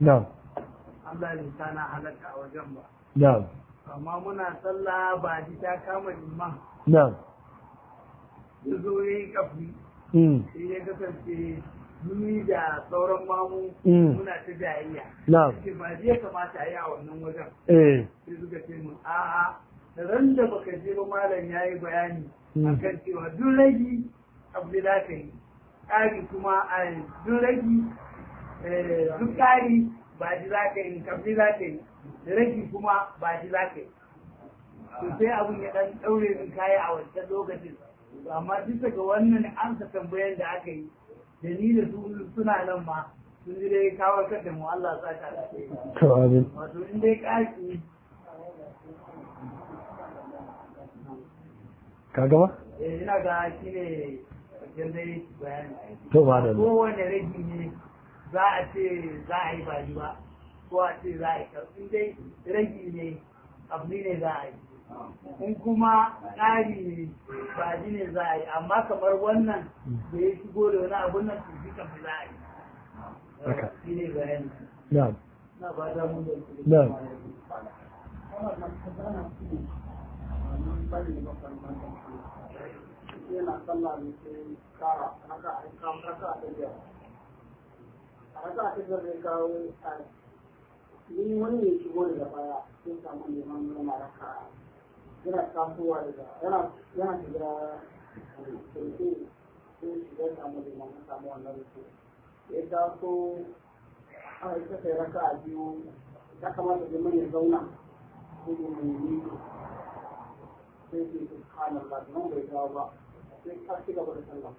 na'am Allah ya tana halaka a wajen ba na'am amma muna sallah ba ji ta kama liman na'am ya zo ya yi kafi mm. sai ya kasance ni da sauran mamu mm. muna ta jayayya ce ba zai kamata a yi a wannan wajen eh. sai suka ce mun a'a ran da baka je ba malam ya yi bayani mm. akan cewa duk ragi abu da za ka yi ƙari kuma a duk ragi Eh, duk ba ji za ka yi kafin za ka yi rage kuma ba ji za ka yi to sai abin ya dan daure min kaya a wancan lokacin amma bisa ga wannan sa tambayar da aka yi da ni da su suna nan ma sun ji dai kawo kada mu Allah sa ka to amin wato in dai kaki ka gaba eh ina ga shi ne yanda yake bayani to ba da kowane rage ne za a ce za a yi baji ba ko a ce za a yi karfi dai ragi ne abu ne za a yi in kuma ƙari ne ba ne za a yi amma kamar wannan da ya shigo da wani abun nan su fi kamar za a yi shi ne bayani na ba da ya sallah ne sai kara haka a kan a a sa ta zai kawo a ni wani ya shigo daga baya sun samu neman yana raka yana tasowa daga yana yana shiga kirki sun shiga samu neman samu wannan rufe ya taso a ita raka a biyu ya kamata da mai zauna gudu mai sai ke nan bai kawo ba sai ka da sallah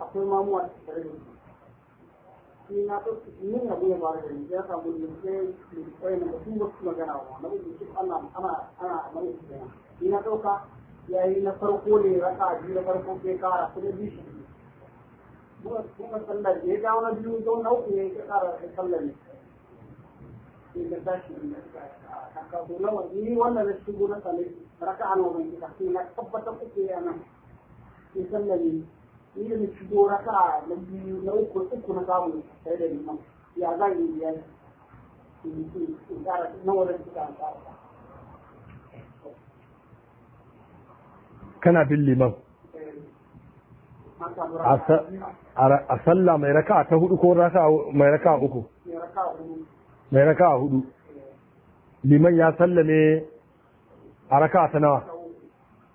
akwai mamuwa tare da su sai na abu ya faru da ya samu na mutum wasu magana wa na mutum shi ana ana ana shi kenan ni na ya na farko ne raka biyu na farko sai kara kuma sallar ya ga wani biyu na uku ne kara sallar ne tashi ni wannan shigo na sallar raka sai na tabbatar uku sallar ne inda na shigo raka na biyu na uku uku na samu tare da liman ya yi biyar na wurin suka kana bin liman a sallah mai raka ta hudu ko mai raka uku mai raka hudu liman ya sallame a raka ta nawa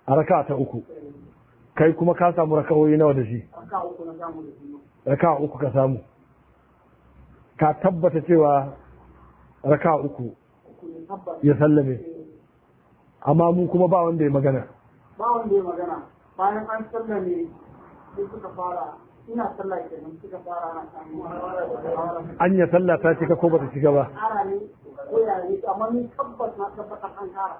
a raka ta uku kai kuma ka samu rakawoyi nawa da shi raka uku ka samu ka tabbata cewa raka uku ya sallame amma mu kuma ba wanda ya magana ba wanda ya magana bayan an sallame sai suka fara ina sallah kenan suka fara na samu an ya sallah ta cika ko ba ta cika ba ara ne ko ya amma ni tabbata na tabbata an kara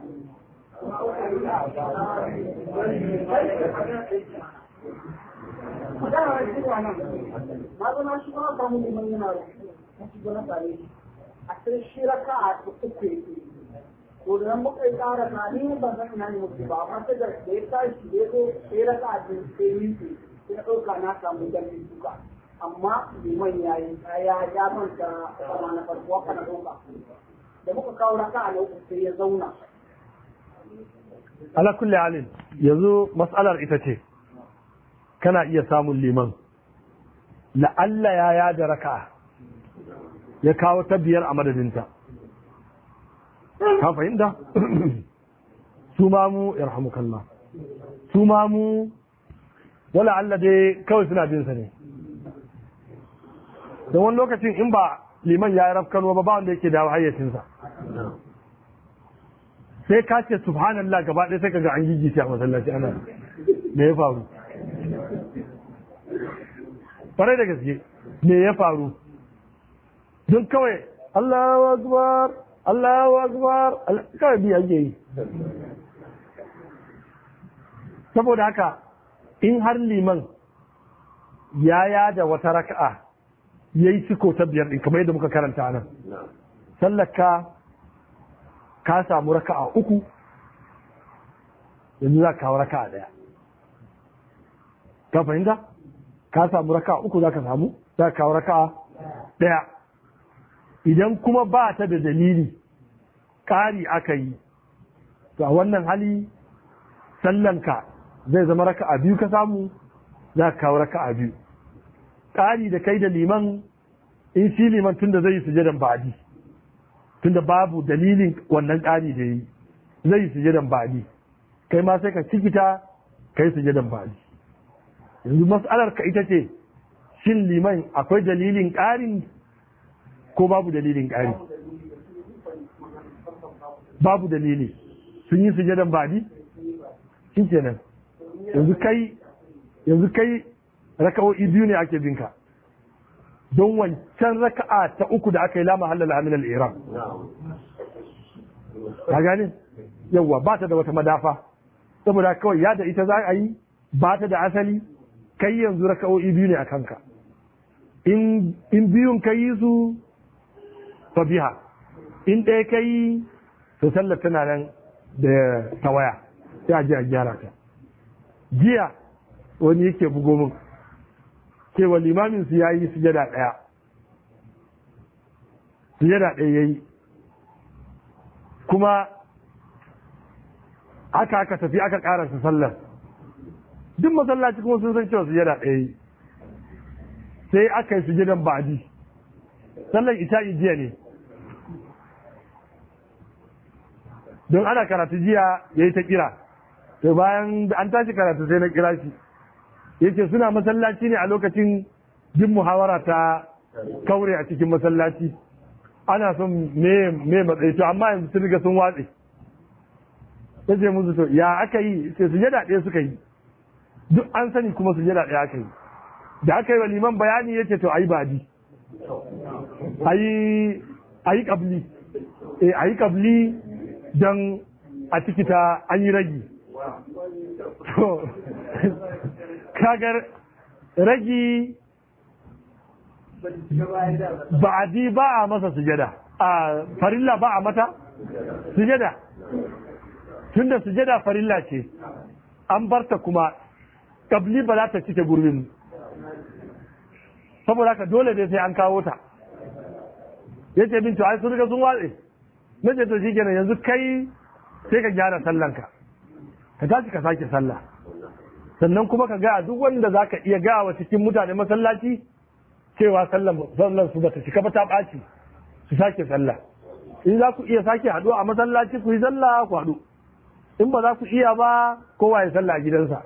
na zo na shigo na yana na shigo na sare shi a a uku yake to da muka yi tsara na ni ba ina ne mutu ba amma sai da ya tashi da ya zo sai raka a jin sai minti sai na na samu dalilin duka amma liman ya yi ya ya manta sama na farko haka na ɗauka da muka kawo raka a na uku sai ya zauna ala kulle alin yanzu mas'alar ita ce kana iya samun liman la'alla ya yada raka'a ya kawo ta biyar a madadinta ka fahimta su ma mu kalma. su ma mu wala Allah dai kawai suna bin sa ne da wani lokacin in ba liman ya yi rafkano ba ba wanda yake dawo hayyacinsa sai ka ce subhanallah gaba ɗaya sai ka ga an gigi a masallaci ana me ya faru kwarai da gaske me ya faru don kawai Allahu akbar Allahu akbar kawai biya ake yi saboda haka in har liman ya yada wata raka'a yayi ciko ta biyar din kamar yadda muka karanta nan sallaka ka samu raka'a uku yanzu za ka kawo raka'a daya ka fahimta ka samu raka'a uku za ka samu za ka kawo raka'a daya idan kuma ba ta da dalili ƙari aka yi to a wannan hali sallanka zai zama raka'a biyu ka samu za ka kawo raka'a biyu ƙari da kai da liman in shi liman tun da zai yi sujadan ba'adi tunda babu dalilin wannan ƙari da yi zai yi sujadan ba'adi kai ma sai ka cikita kai sujadan ba'adi yanzu mas'alar ka ita ce shin liman akwai dalilin ƙari ko babu dalilin ƙari babu dalili sun yi sujadan ba'adi shi kenan yanzu kai yanzu kai rakawo biyu ne ake binka don wancan raka'a ta uku da aka yi lama halala min al-iran ka gane yawa ba ta da wata madafa saboda kawai ya da ita za a yi ba ta da asali kai yanzu raka'o'i biyu ne a kanka in biyun ka yi su fa biha in ɗaya ka yi to sallar tana nan da tawaya sai a je a gyara ta jiya wani yake bugo min cewa limamin su yayi sujada daya sujada daya yayi kuma aka aka tafi aka su sallar duk masallaci kuma sun san cewa sujada daya yayi sai aka yi sujadan ba'di sallar ita jiya ne don ana karatu jiya yayi ta kira to bayan an tashi karatu sai na kira shi yace suna masallaci ne a lokacin jin muhawara ta kaure a cikin masallaci ana son me me matsayi to amma yanzu sun riga sun watse yace musu to ya aka yi sai su jada ɗaya suka yi duk an sani kuma su jada ɗaya aka yi da aka yi wa liman bayani yace to ayi badi ayi ayi kabli eh ayi kabli dan a cikita ta an yi ragi kagar ragi ba'adi ba a masa sujada a farilla ba a mata sujada tunda sujada farilla ce an barta kuma kabli ba za ta cike gurbin saboda ka dole ne sai an kawo ta yace bin to ai sun riga sun na ce to shi yanzu kai sai ka gyara sallanka ka tashi ka sake sallah sannan kuma ka gaya duk wanda za ka iya gaya wa cikin mutane masallaci cewa sallar su bata cika ba ta ɓaci su sake sallah in za ku iya sake haɗu a masallaci ku yi sallah ku haɗu in ba za ku iya ba kowa ya sallah a gidansa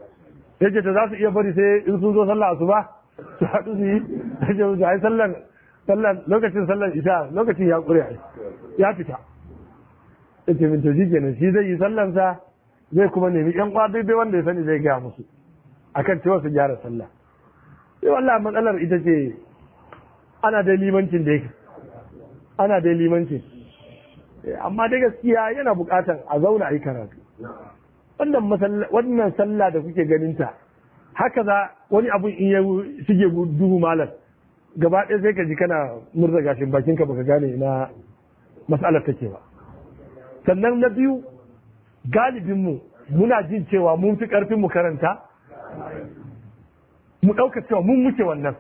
ya ta za su iya bari sai in sun zo sallah su ba su haɗu su yi ai sallar lokacin sallar isa lokacin ya ƙure ya fita ya ce min to shi kenan shi zai yi sallansa zai kuma nemi yan ƙwa bai wanda ya sani zai gaya musu akan cewa su gyara sallah sai wallahi matsalar ita ce ana da limancin da yake ana da limancin eh, amma dai gaskiya yana bukatar a zauna ayi karatu wannan wannan sallah da kuke ganin ta haka za wani abun in ya shige duhu malam gaba ɗaya sai ka ji kana murza gashin bakin ka baka gane ina mas'alar take ba sannan na biyu galibin mu muna jin cewa mun fi karfin mu karanta mu ɗauka cewa mun muke wannan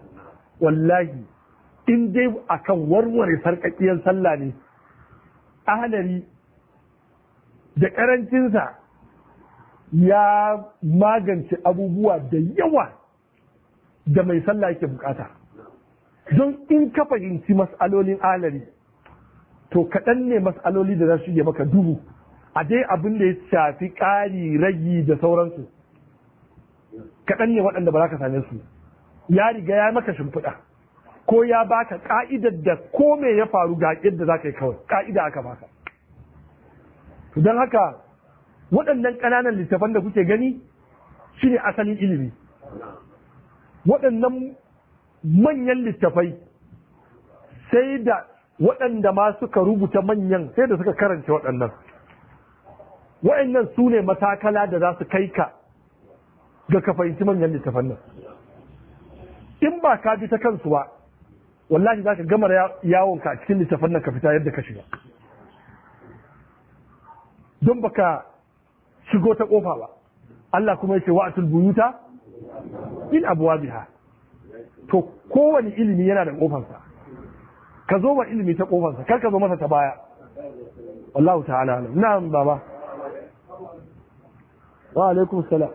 wallahi in dai a kan warware sarƙaƙiyar sallah ne ahalari da ƙarancinsa ya magance abubuwa da yawa da mai sallah yake bukata don in ka fahimci mas'alolin alari to kaɗan ne mas'aloli da za su maka dubu a dai abin da ya shafi ƙari ragi da sauransu kaɗan ne waɗanda ba za ka same su ya riga ya maka shimfiɗa ko ya baka ƙa'idar da ko me ya faru ga yadda za ka yi kawai ka'ida aka baka don haka waɗannan ƙananan littafan da kuke gani shi ne asalin ilimi waɗannan manyan littafai sai da waɗanda ma suka rubuta manyan sai da suka karanta waɗannan waɗannan su ne matakala da za su kai ka ga ka fahimci manyan littafan nan in ba ka bi ta kansu ba wallahi za ka gama yawon ka a cikin littafan nan ka fita yadda ka shiga don ba ka shigo ta kofa ba Allah kuma yake wa'atul buyuta in abuwa biha to kowane ilimi yana da kofansa ka zo wa ilimi ta kofansa kar ka zo masa ta baya wallahu ta'ala na'am baba wa alaikum salam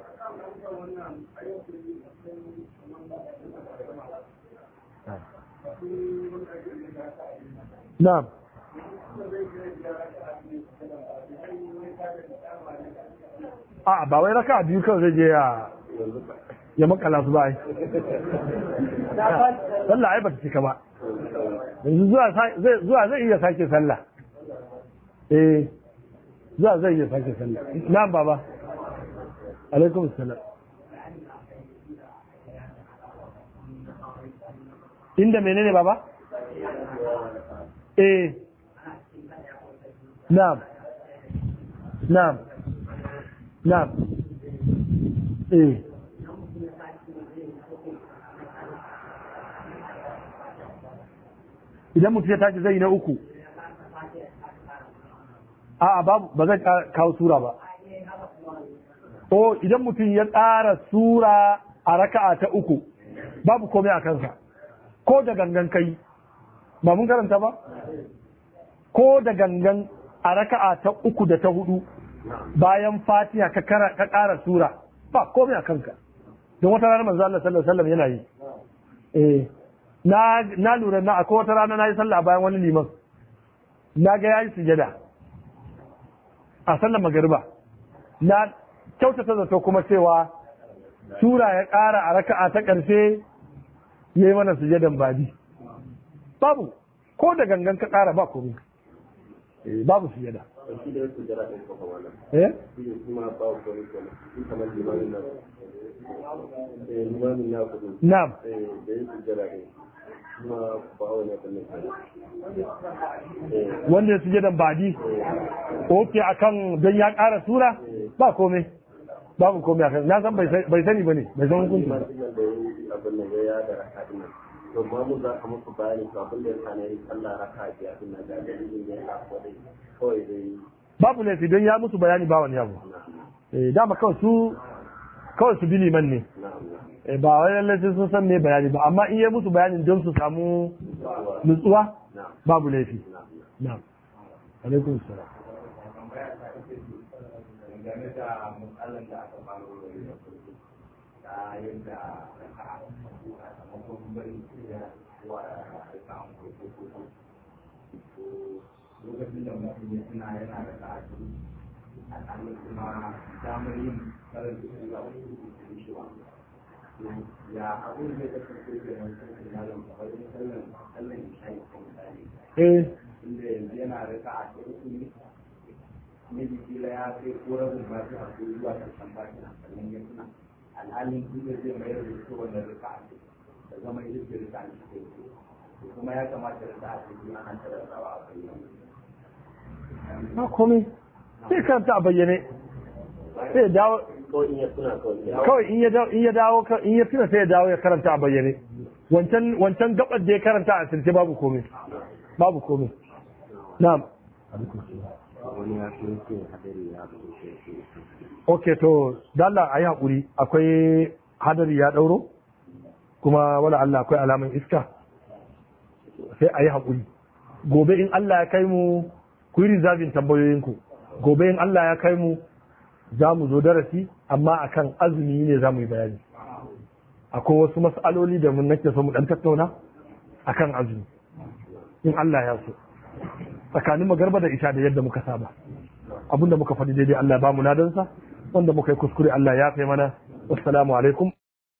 na'am ba wai raka biyu kawai zai je ya ya makala su ba ai sallah ai ba ta cika ba yanzu zuwa zai iya sake sallah eh zuwa zai iya sake sallah na'am baba inda menene baba eh na'am na'am na'am eh idan mutum ya tashi zai na uku a'a babu ba zai kawo sura ba o idan mutum ya tsara sura a raka'a ta uku babu komai a kansa ko da gangan kai ba mun karanta ba ko da gangan a raka'a ta uku da ta hudu bayan fatiha ka kara sura ba komai a kanka don wata rana manzo Allah sallallahu alaihi wasallam yana yi eh na na lura na akwai wata rana yi sallah bayan wani liman na ga yayi sujada a sallar magariba na kyautata zato kuma cewa sura ya kara a raka'a ta karshe ya yi mana sujadan babi babu ko da gangan ka ƙara ba komai eh, babu sujada eh? na'am wanda ya sujadan badi ok akan don ya ƙara sura ba komai babu komai akan na san bai sani bane bai san hukunci ba to ma sani raka da ne ya dai ya musu bayani ba wani abu eh dama kawai su kawai su bili manne eh ba wai lallai sun san me bayani ba amma in ya musu bayani don su samu nutsuwa babu laifi na'am alaikum salam game da matsalar da aka faru da yi da farko ta yadda a sakamakon bari ya wa samun kurkuku lokacin da mutum ya suna yana da ta'adu a tsarin kuma damar yin tsarin da su ya abin da ya kasance da yan sarki na lamfa yana da ta'adu ne mijin kila ya kai ko rabin fatiha ko zuwa karshen fatiha sannan ya tuna alhalin kila zai mayar da ita wannan rika'a da zama ita ce rika'a da take yi kuma ya kamata rika'a ta biyu ana tarasawa a bayyane. Na komai sai karanta a bayyane sai dawo kawai in ya dawo in ya dawo in ya tuna sai ya dawo ya karanta a bayyane wancan wancan gabar da ya karanta a sirce babu komai babu komai na'am ok to dalla a yi haƙuri akwai hadari ya ɗauro kuma wala Allah akwai alamun iska sai a yi haƙuri gobe in Allah ya kai mu ku yi rizabin tambayoyinku gobe in Allah ya kai mu za mu zo darasi amma akan azumi ne za mu yi bayani akwai wasu mas'aloli da mun nake so mu ɗan tattauna akan azumi in Allah ya so tsakanin magarba da isha da yadda muka saba abinda muka faɗi daidai Allah ba mu ladansa wanda muka yi kuskure Allah ya kai mana assalamu alaikum